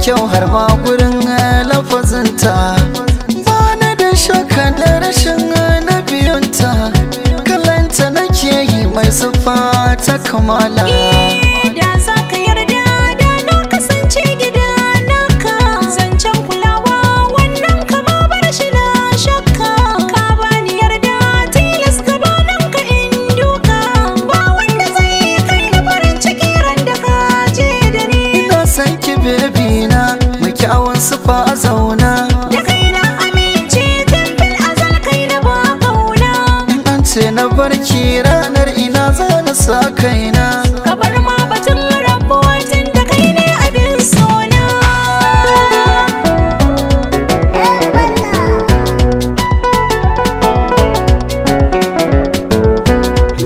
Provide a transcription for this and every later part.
kyau har ma gurin eh, lafazinta ba na da shakka da rashin eh, na biyunta kalanta nake yi mai sufa ta kamala ki ranar ina za na sa kaina kabar ma batun rabuwa tun da kai ne abin sona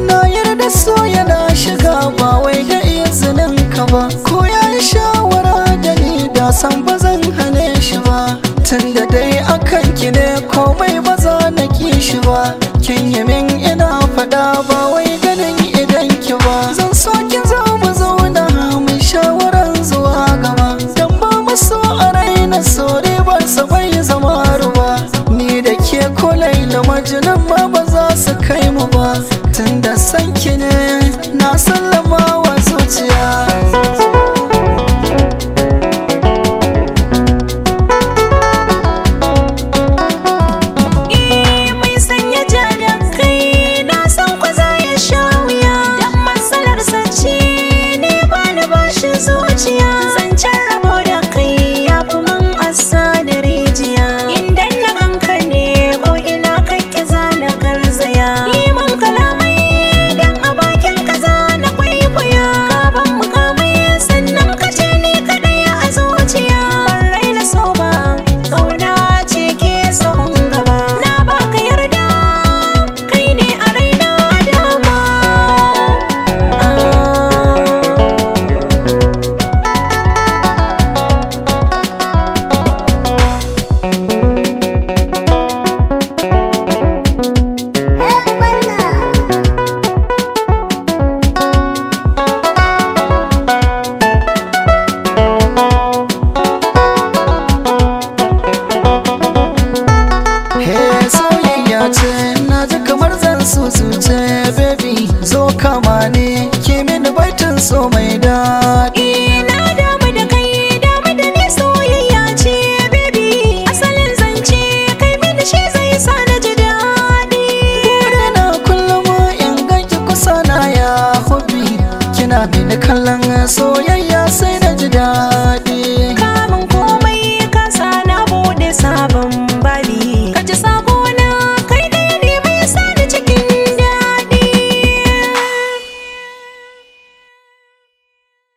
na yarda so yana shiga ba wai ga izinin ka ba ko ya yi shawara da ni da san ba zan hane shi ba tun da dai yi min ina faɗa ba wai ganin idan ki ba zan so kin zo mu zauna mu shawaran zuwa gaba dan ba mu so a raina sore ba su bai zama ruwa ni da ke ko laila majnun ma ba za su kai mu ba tunda san ki ne na san so mai daɗi na damu da kai damu da ni soyayya ce baby asalin zance kai mini shi zai sa na ji daɗi na kullum in ganki kusa na ya hobi kina mini kallon soyayya